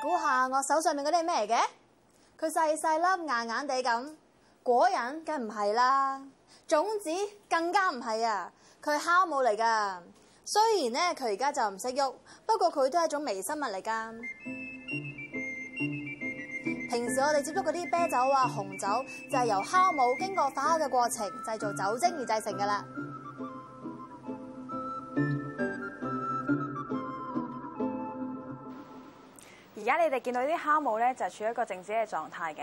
估下我手上面嗰啲係咩嘅？佢細細粒、硬硬地咁，果仁梗唔係啦，種子更加唔係啊！佢係酵母嚟噶，雖然咧佢而家就唔識喐，不過佢都係一種微生物嚟噶。平時我哋接觸嗰啲啤酒啊、紅酒，就係由酵母經過發酵嘅過程，製造酒精而製成噶啦。而家你哋見到呢啲酵母咧，就處於一個靜止嘅狀態嘅。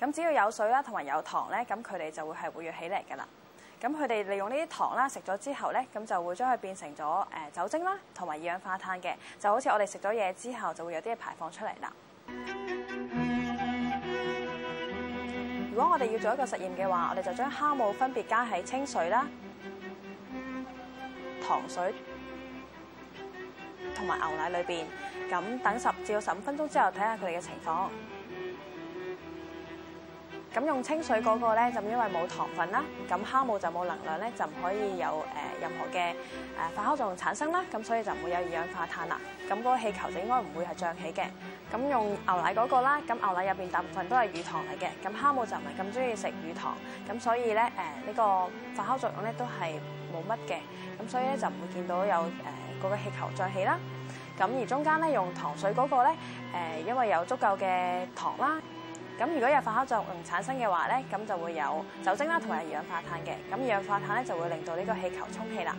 咁只要有水啦，同埋有糖咧，咁佢哋就會係活躍起嚟㗎喇。咁佢哋利用呢啲糖啦，食咗之後咧，咁就會將佢變成咗誒、呃、酒精啦，同埋二氧化碳嘅。就好似我哋食咗嘢之後，就會有啲嘢排放出嚟啦。如果我哋要做一個實驗嘅話，我哋就將酵母分別加喺清水啦、糖水、同埋牛奶裏邊，咁等十至到十五分鐘之後睇下佢哋嘅情況。咁用清水嗰個咧就因為冇糖分啦，咁酵母就冇能量咧就唔可以有誒、呃、任何嘅誒、呃、發酵作用產生啦，咁所以就唔會有二氧化碳啦。咁嗰個氣球就應該唔會係脹起嘅。咁用牛奶嗰個啦，咁牛奶入邊大部分都係乳糖嚟嘅，咁酵母就唔係咁中意食乳糖，咁所以咧誒呢、呃呢個發酵作用咧都係。冇乜嘅，咁所以咧就唔會見到有誒嗰、呃嗰個氣球再起啦。咁而中間咧用糖水嗰個咧，誒、呃、因為有足夠嘅糖啦。咁如果有發酵作用產生嘅話咧，咁就會有酒精啦，同埋二氧化碳嘅。咁二氧化碳咧就會令到呢個氣球充氣啦。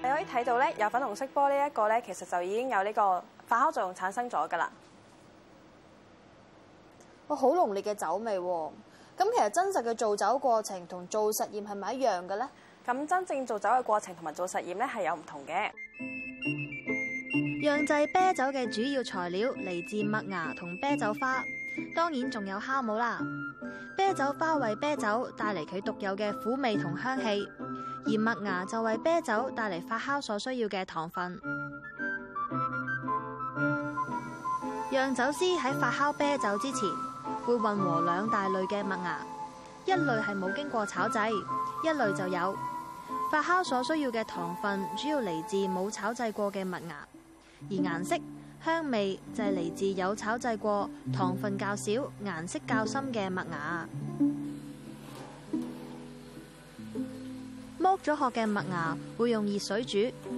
你可以睇到咧，有粉紅色波呢一個咧，其實就已經有呢、這個。發酵作用產生咗㗎啦，哇，好濃烈嘅酒味喎。咁其實真實嘅造酒過程同做實驗係咪一樣嘅呢？咁真正做酒嘅過程同埋做實驗咧係有唔同嘅。釀製啤酒嘅主要材料嚟自麥芽同啤酒花，當然仲有酵母啦。啤酒花為啤酒帶嚟佢獨有嘅苦味同香氣，而麥芽就為啤酒帶嚟發酵所需要嘅糖分。釀酒師喺發酵啤酒之前，會混和兩大類嘅麥芽，一類係冇經過炒製，一類就有。發酵所需要嘅糖分主要嚟自冇炒製過嘅麥芽，而顏色、香味就係嚟自有炒製過、糖分較少、顏色較深嘅麥芽。剝咗殼嘅麥芽會用熱水煮。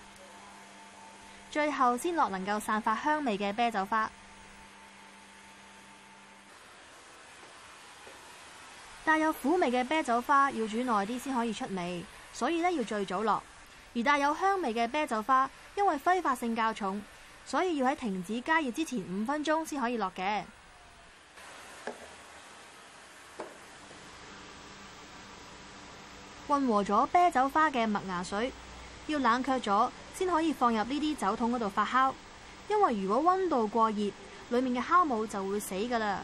最後先落能夠散發香味嘅啤酒花，帶有苦味嘅啤酒花要煮耐啲先可以出味，所以咧要最早落。而帶有香味嘅啤酒花，因為揮發性較重，所以要喺停止加熱之前五分鐘先可以落嘅。混和咗啤酒花嘅麥芽水要冷卻咗。先可以放入呢啲酒桶嗰度發酵，因為如果溫度過熱，裏面嘅酵母就會死噶啦。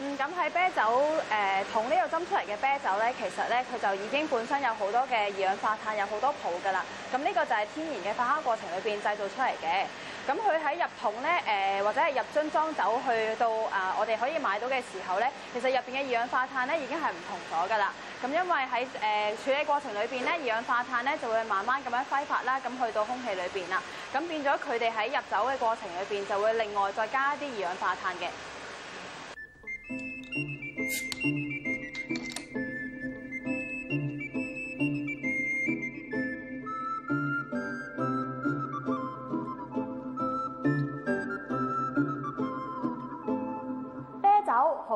嗯，咁喺啤酒誒桶呢度斟出嚟嘅啤酒呢，其實呢，佢就已經本身有好多嘅二氧化碳，有好多泡噶啦。咁，嗯，呢，這個就係天然嘅發酵過程裏邊製造出嚟嘅。咁佢喺入桶咧，或者係入樽裝酒，去到啊，我哋可以買到嘅時候咧，其實入面嘅二氧化碳咧已經係唔同咗㗎啦。咁因為喺誒處理過程裏面咧，二氧化碳咧就會慢慢咁樣揮發啦，咁去到空氣裏面啦，咁變咗佢哋喺入酒嘅過程裏面，就會另外再加一啲二氧化碳嘅。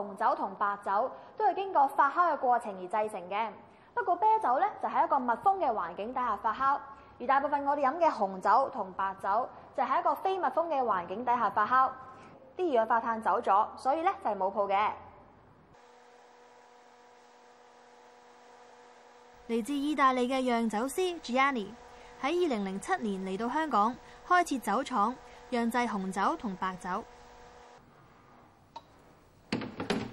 紅酒同白酒都係經過發酵嘅過程而製成嘅。不過啤酒咧就喺一個密封嘅環境底下發酵，而大部分我哋飲嘅紅酒同白酒就喺一個非密封嘅環境底下發酵，啲二氧化碳走咗，所以咧就係冇泡嘅。嚟自意大利嘅釀酒師 Gianni 喺二零零七年嚟到香港，開設酒廠，釀製紅酒同白酒。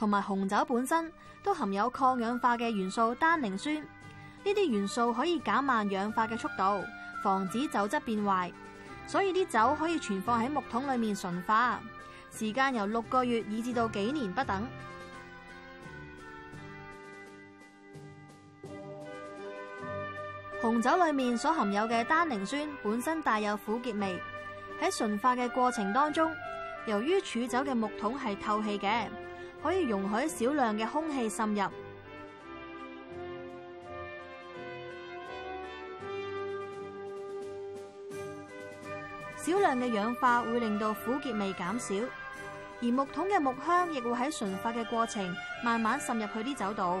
同埋紅酒本身都含有抗氧化嘅元素丹寧酸，呢啲元素可以減慢氧化嘅速度，防止酒質變壞。所以啲酒可以存放喺木桶裏面純化，時間由六個月以至到幾年不等。紅酒裏面所含有嘅丹寧酸本身帶有苦澀味，喺純化嘅過程當中，由於儲酒嘅木桶係透氣嘅。可以容許少量嘅空氣滲入，少量嘅氧化會令到苦澀味減少，而木桶嘅木香亦會喺純化嘅過程慢慢滲入去啲酒度。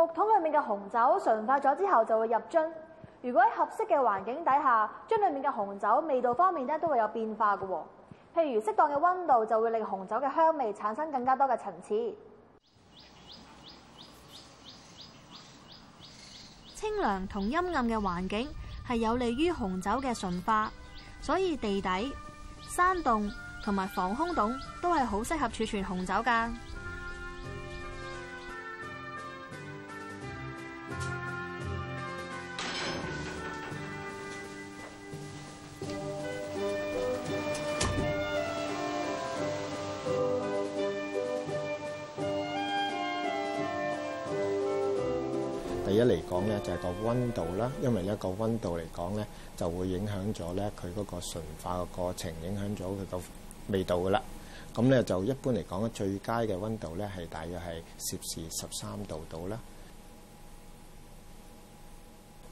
木桶裏面嘅紅酒純化咗之後就會入樽。如果喺合適嘅環境底下，樽裏面嘅紅酒味道方面咧都會有變化嘅。譬如適當嘅溫度就會令紅酒嘅香味產生更加多嘅層次。清涼同陰暗嘅環境係有利於紅酒嘅純化，所以地底、山洞同埋防空洞都係好適合儲存紅酒噶。一嚟講呢，就係個温度啦，因為一個温度嚟講呢，就會影響咗呢佢嗰個純化嘅過程，影響咗佢個味道噶啦。咁呢，就一般嚟講最佳嘅温度呢係大約係攝氏十三度到啦。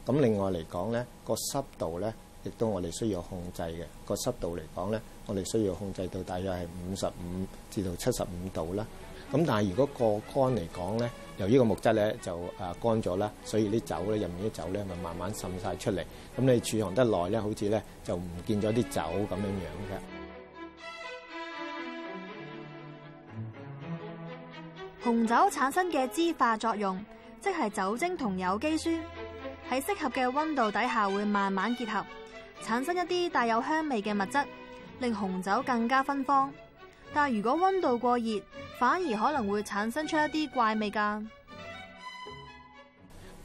咁另外嚟講呢，這個濕度呢，亦都我哋需要控制嘅。這個濕度嚟講呢，我哋需要控制到大約係五十五至到七十五度啦。咁但係如果過乾嚟講咧，由於個木質咧就誒乾咗啦，所以啲酒咧入面啲酒咧咪慢慢滲晒出嚟。咁你儲藏得耐咧，好似咧就唔見咗啲酒咁樣樣嘅。紅酒產生嘅酯化作用，即係酒精同有機酸喺適合嘅溫度底下會慢慢結合，產生一啲帶有香味嘅物質，令紅酒更加芬芳。但係如果溫度過熱，反而可能會產生出一啲怪味噶。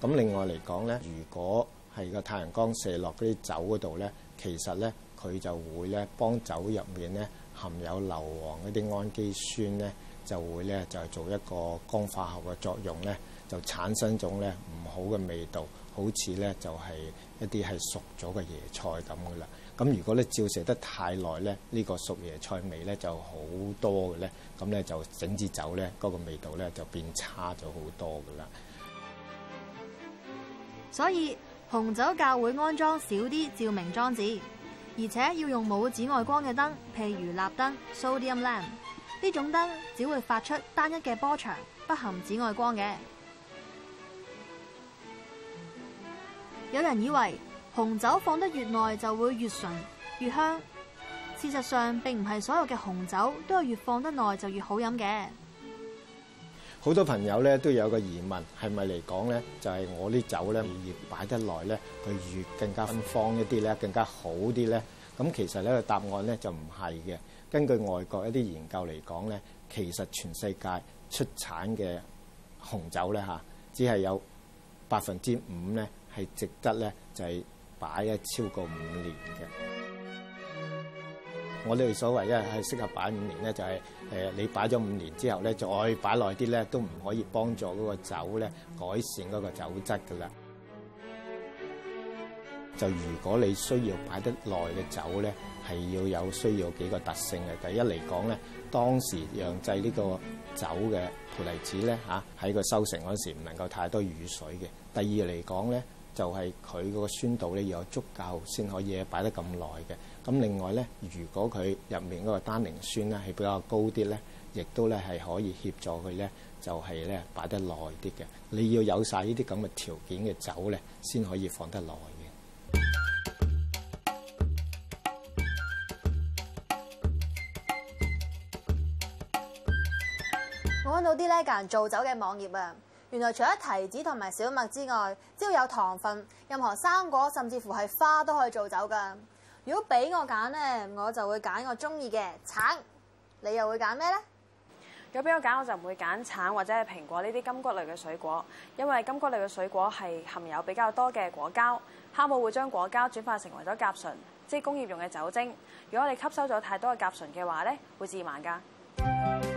咁另外嚟講呢，如果係個太陽光射落嗰啲酒嗰度呢其實呢，佢就會呢幫酒入面呢含有硫磺嗰啲氨基酸呢就會呢就係做一個光化學嘅作用呢就產生種呢唔好嘅味道，好似呢就係一啲係熟咗嘅椰菜咁噶啦。咁如果咧照射得太耐咧，呢、這個熟椰菜味咧就好多嘅咧，咁咧就整支酒咧嗰個味道咧就變差咗好多噶啦。所以紅酒窖會安裝少啲照明裝置，而且要用冇紫外光嘅燈，譬如鈉燈 sodium lamp 呢種燈只會發出單一嘅波長，不含紫外光嘅。有人以為紅酒放得越耐就會越醇越香。事實上，並唔係所有嘅紅酒都係越放得耐就越好飲嘅。好多朋友咧都有個疑問，係咪嚟講呢？就係我啲酒呢，越擺得耐呢，佢越更加芬芳，芳一啲呢，更加好啲呢？咁其實呢個答案呢，就唔係嘅。根據外國一啲研究嚟講呢，其實全世界出產嘅紅酒呢，吓，只係有百分之五呢係值得呢。就係。擺咧超過五年嘅，我哋所謂一係適合擺五年咧，就係誒你擺咗五年之後咧，再擺耐啲咧，都唔可以幫助嗰個酒咧改善嗰個酒質㗎啦。就如果你需要擺得耐嘅酒咧，係要有需要幾個特性嘅。第一嚟講咧，當時釀製呢個酒嘅葡提子咧，嚇，喺個收成嗰時唔能夠太多雨水嘅。第二嚟講咧。就係佢嗰個酸度咧要有足夠先可以擺得咁耐嘅。咁另外咧，如果佢入面嗰個丹寧酸咧係比較高啲咧，亦都咧係可以協助佢咧，就係咧擺得耐啲嘅。你要有晒呢啲咁嘅條件嘅酒咧，先可以放得耐嘅。我揾到啲咧間人造酒嘅網頁啊！原來除咗提子同埋小麥之外，只要有糖分，任何生果甚至乎係花都可以做酒噶。如果俾我揀呢，我就會揀我中意嘅橙。你又會揀咩呢？如果俾我揀，我就唔會揀橙或者係蘋果呢啲柑橘類嘅水果，因為柑橘類嘅水果係含有比較多嘅果膠，酵母會將果膠轉化成為咗甲醇，即係工業用嘅酒精。如果你吸收咗太多嘅甲醇嘅話呢，會致盲㗎。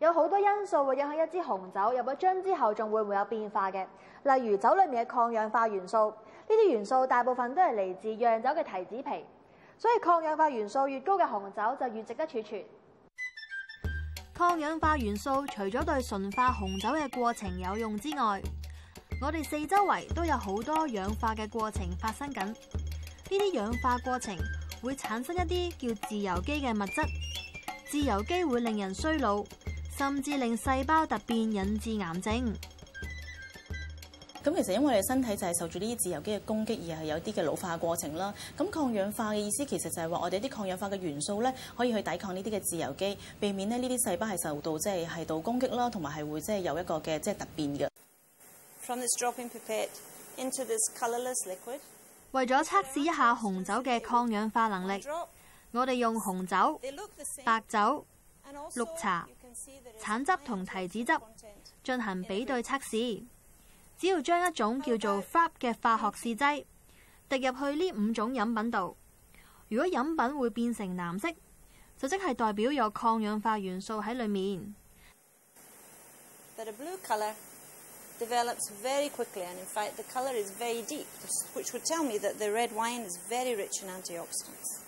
有好多因素會影響一支紅酒入咗樽之後，仲會唔會有變化嘅？例如酒裏面嘅抗氧化元素，呢啲元素大部分都係嚟自釀酒嘅提子皮，所以抗氧化元素越高嘅紅酒就越值得儲存。抗氧化元素除咗對純化紅酒嘅過程有用之外，我哋四周圍都有好多氧化嘅過程發生緊。呢啲氧化過程會產生一啲叫自由基嘅物質，自由基會令人衰老。甚至令細胞突變，引致癌症。咁其實因為我哋身體就係受住呢啲自由基嘅攻擊，而係有啲嘅老化過程啦。咁抗氧化嘅意思其實就係話我哋啲抗氧化嘅元素咧，可以去抵抗呢啲嘅自由基，避免咧呢啲細胞係受到即係係到攻擊啦，同埋係會即係有一個嘅即係突變嘅。From this dropping into this colorless liquid, 為咗測試一下紅酒嘅抗氧化能力，drop, 我哋用紅酒、same, 白酒、綠茶。橙汁同提子汁進行比對測試，只要將一種叫做 FRAP 嘅化學試劑滴入去呢五種飲品度，如果飲品會變成藍色，就即係代表有抗氧化元素喺裏面。But a blue color develops very quickly, and in fact the color is very deep, which would tell me that the red wine is very rich in antioxidants.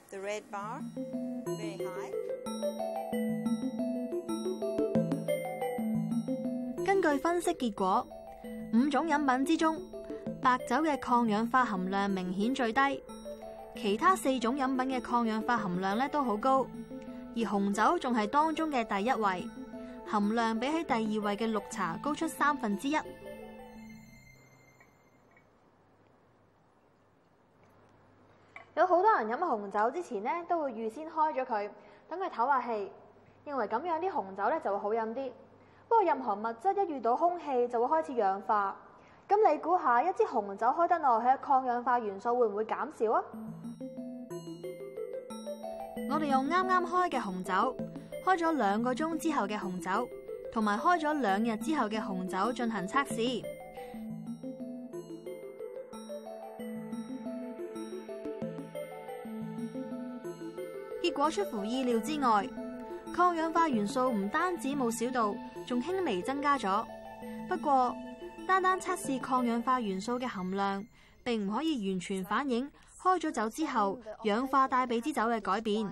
The red bar, very high. 根據分析結果，五種飲品之中，白酒嘅抗氧化含量明顯最低，其他四種飲品嘅抗氧化含量咧都好高，而紅酒仲係當中嘅第一位，含量比起第二位嘅綠茶高出三分之一。有好多人飲紅酒之前咧，都會預先開咗佢，等佢唞下氣，認為咁樣啲紅酒咧就會好飲啲。不過任何物質一遇到空氣就會開始氧化。咁你估下一支紅酒開得耐，佢嘅抗氧化元素會唔會減少啊？我哋用啱啱開嘅紅酒，開咗兩個鐘之後嘅紅酒，同埋開咗兩日之後嘅紅酒進行測試。果出乎意料之外，抗氧化元素唔單止冇少到，仲輕微增加咗。不過，單單測試抗氧化元素嘅含量，並唔可以完全反映開咗酒之後氧化帶俾支酒嘅改變。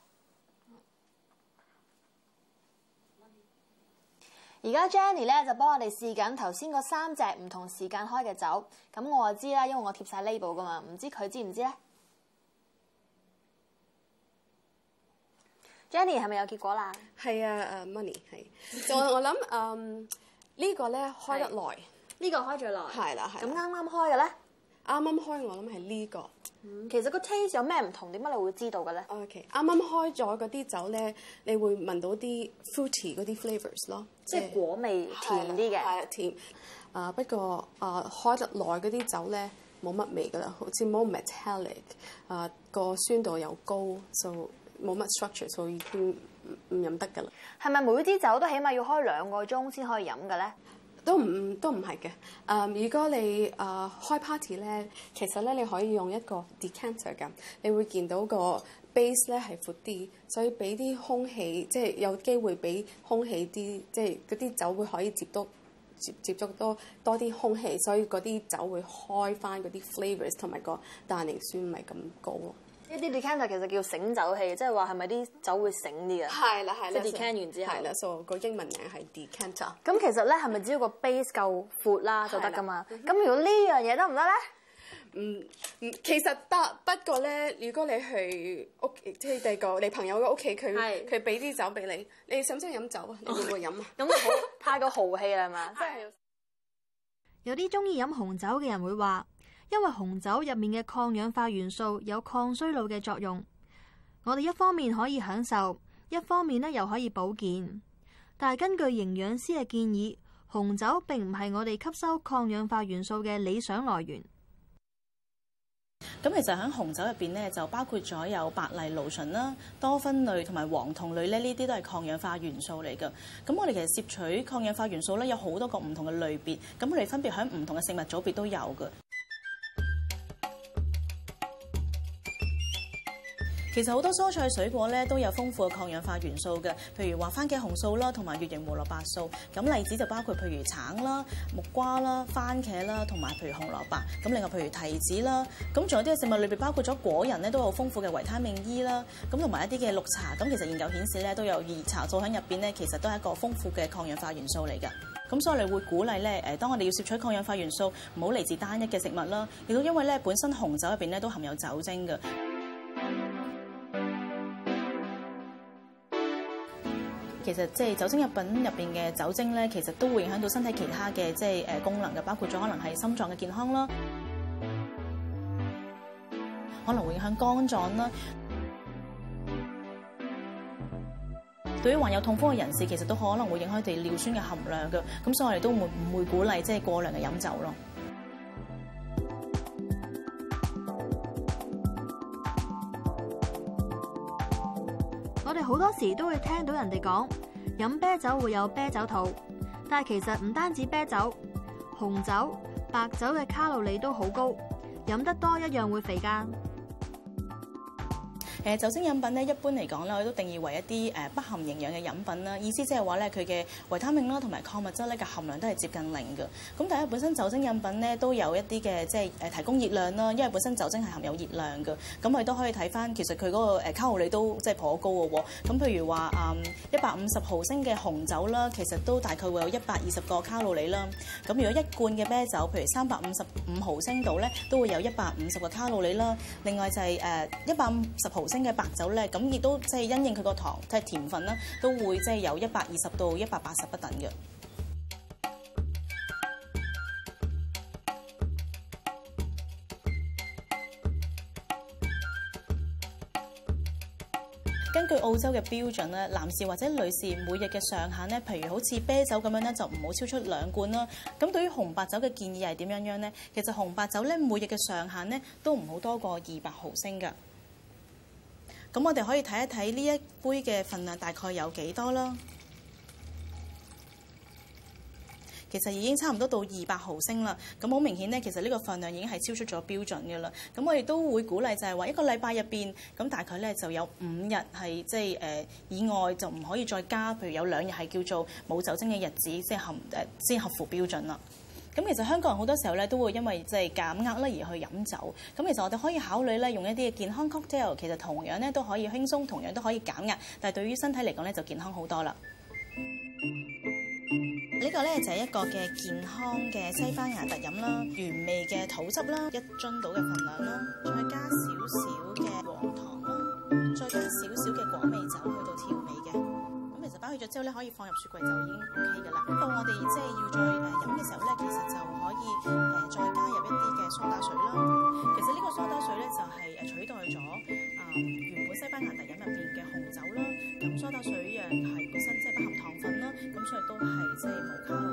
而家 Jenny 咧就幫我哋試緊頭先嗰三隻唔同時間開嘅酒，咁我就知啦，因為我貼晒 label 噶嘛，唔知佢知唔知咧？Jenny 係咪有結果啦？係啊，誒，Money 係、嗯，我我諗誒、um, 呢個咧開得耐，呢、呢個開咗耐，係啦係，咁啱啱開嘅咧。啱啱開我諗係呢個、嗯，其實個 taste 有咩唔同？點解你會知道嘅咧？OK，啱啱開咗嗰啲酒咧，你會聞到啲 fruity 嗰啲 flavors 咯，即係果味甜啲嘅。係甜，啊不過啊開得耐嗰啲酒咧，冇乜味噶啦，好似冇 metallic，啊個酸度又高，就冇乜 structure，所以已經唔飲得噶啦。係咪每啲酒都起碼要開兩個鐘先可以飲嘅咧？都唔都唔係嘅，誒、um, 如果你誒、uh, 開 party 咧，其實咧你可以用一個 decanter 㗎，你會見到個 base 咧係闊啲，所以俾啲空氣，即係有機會俾空氣啲，即係嗰啲酒會可以接多接接觸多多啲空氣，所以嗰啲酒會開翻嗰啲 flavours 同埋個丹寧酸唔係咁高咯。呢啲 decanter 其實叫醒酒器，即係話係咪啲酒會醒啲啊？係啦，係啦，decant 完之後，係啦，所以個英文名係 decanter。咁其實咧，係咪只要個 base 夠闊啦、啊，就得噶嘛？咁如果樣行行呢樣嘢得唔得咧？嗯，其實得不，不過咧，如果你去屋，即係第個你朋友嘅屋企，佢佢俾啲酒俾你，你想唔想飲酒啊？你會唔會飲啊？咁好，太過豪氣啦嘛！即係有啲中意飲紅酒嘅人會話。因為紅酒入面嘅抗氧化元素有抗衰老嘅作用，我哋一方面可以享受，一方面呢又可以保健。但係根據營養師嘅建議，紅酒並唔係我哋吸收抗氧化元素嘅理想來源。咁其實喺紅酒入邊呢，就包括咗有白藜蘆醇啦、多酚類同埋黃酮類呢，呢啲都係抗氧化元素嚟㗎。咁我哋其實攝取抗氧化元素呢，有好多個唔同嘅類別，咁我哋分別喺唔同嘅食物組別都有㗎。其實好多蔬菜水果咧都有豐富嘅抗氧化元素嘅，譬如話番茄紅素啦，同埋乙型胡蘿蔔素。咁例子就包括譬如橙啦、木瓜啦、番茄啦，同埋譬如紅蘿蔔。咁另外譬如提子啦，咁仲有啲嘅食物裏邊包括咗果仁咧，都有豐富嘅維他命 E 啦。咁同埋一啲嘅綠茶，咁其實研究顯示咧都有兒茶素喺入邊咧，其實都係一個豐富嘅抗氧化元素嚟嘅。咁所以我哋會鼓勵咧，誒，當我哋要攝取抗氧化元素，唔好嚟自單一嘅食物啦。亦都因為咧，本身紅酒入邊咧都含有酒精嘅。其實，即係酒精飲品入邊嘅酒精咧，其實都會影響到身體其他嘅即係誒功能嘅，包括咗可能係心臟嘅健康啦，可能會影響肝臟啦。對於患有痛風嘅人士，其實都可能會影響佢哋尿酸嘅含量嘅，咁所以我哋都唔會，唔會鼓勵即係、就是、過量嘅飲酒咯。好多時都會聽到人哋講，飲啤酒會有啤酒肚，但係其實唔單止啤酒、紅酒、白酒嘅卡路里都好高，飲得多一樣會肥噶。誒酒精飲品咧，一般嚟講咧，我都定義為一啲誒不含營養嘅飲品啦。意思即係話咧，佢嘅維他命啦，同埋礦物質咧嘅含量都係接近零嘅。咁但係本身酒精飲品咧都有一啲嘅，即係誒提供熱量啦。因為本身酒精係含有熱量嘅。咁我哋都可以睇翻，其實佢嗰個誒卡路里都即係頗高嘅喎。咁譬如話啊，一百五十毫升嘅紅酒啦，其實都大概會有一百二十個卡路里啦。咁如果一罐嘅啤酒，譬如三百五十五毫升度咧，都會有一百五十個卡路里啦。另外就係誒一百五十毫。升嘅白酒咧，咁亦都即係因應佢個糖即係甜分啦，都會即係有一百二十到一百八十不等嘅。根據澳洲嘅標準咧，男士或者女士每日嘅上限咧，譬如好似啤酒咁樣咧，就唔好超出兩罐啦。咁對於紅白酒嘅建議係點樣樣呢？其實紅白酒咧每日嘅上限咧都唔好多過二百毫升㗎。咁我哋可以睇一睇呢一杯嘅份量大概有幾多啦？其實已經差唔多到二百毫升啦。咁好明顯呢，其實呢個份量已經係超出咗標準嘅啦。咁我亦都會鼓勵就係話一個禮拜入邊咁大概呢就有五日係即係誒以外就唔可以再加，譬如有兩日係叫做冇酒精嘅日子，即係合誒先、呃、合乎標準啦。咁其實香港人好多時候咧都會因為即係減壓咧而去飲酒，咁其實我哋可以考慮咧用一啲嘅健康 cocktail，其實同樣咧都可以輕鬆同樣都可以減壓，但係對於身體嚟講咧就健康好多啦。呢個咧就係一個嘅健康嘅西班牙特飲啦，原味嘅土汁啦，一樽到嘅份量啦，再加少少。之後咧可以放入雪櫃，就已經 OK 嘅啦。到我哋即係要再誒飲嘅時候咧，其實就可以誒再加入一啲嘅蘇打水啦。其實呢個蘇打水咧就係誒取代咗啊原本西班牙特飲入面嘅紅酒啦。咁蘇打水又係本身即係不含糖分啦，咁所以都係即係冇卡